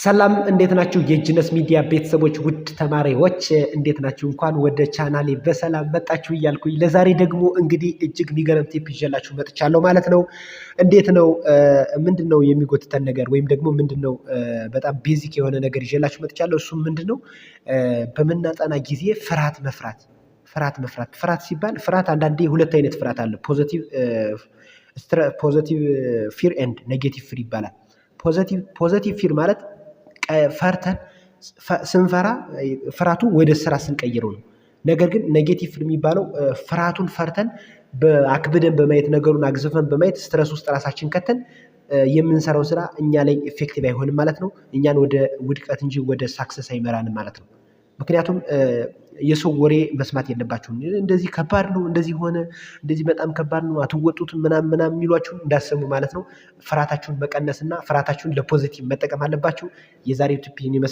ሰላም እንዴት ናችሁ? የጅነስ ሚዲያ ቤተሰቦች ውድ ተማሪዎች እንዴት ናችሁ? እንኳን ወደ ቻናሌ በሰላም መጣችሁ እያልኩኝ ለዛሬ ደግሞ እንግዲህ እጅግ የሚገርም ቴፕ ይዤላችሁ መጥቻለሁ ማለት ነው። እንዴት ነው ምንድን ነው የሚጎትተን ነገር ወይም ደግሞ ምንድን ነው በጣም ቤዚክ የሆነ ነገር ይዤላችሁ መጥቻለሁ። እሱም ምንድን ነው በምናጠና ጊዜ ፍርሃት መፍራት፣ ፍርሃት መፍራት። ፍርሃት ሲባል ፍርሃት አንዳንዴ ሁለት አይነት ፍርሃት አለ። ፖዘቲቭ ፊር ኤንድ ኔጌቲቭ ፊር ይባላል። ፖዘቲቭ ፊር ማለት ፈርተን ስንፈራ ፍራቱ ወደ ስራ ስንቀይረው ነው። ነገር ግን ኔጌቲቭ የሚባለው ፍርሃቱን ፈርተን አክብደን በማየት ነገሩን አግዝፈን በማየት ስትረስ ውስጥ ራሳችን ከተን የምንሰራው ስራ እኛ ላይ ኢፌክቲቭ አይሆንም ማለት ነው። እኛን ወደ ውድቀት እንጂ ወደ ሳክሰስ አይመራንም ማለት ነው። ምክንያቱም የሰው ወሬ መስማት የለባቸው እንደዚህ ከባድ ነው፣ እንደዚህ ሆነ፣ እንደዚህ በጣም ከባድ ነው፣ አትወጡት ምናም ምናም የሚሏችሁ እንዳሰሙ ማለት ነው። ፍርሃታችሁን መቀነስና ፍርሃታችሁን ለፖዘቲቭ መጠቀም አለባችሁ። የዛሬው ቲፕ ይህን ይመስላል።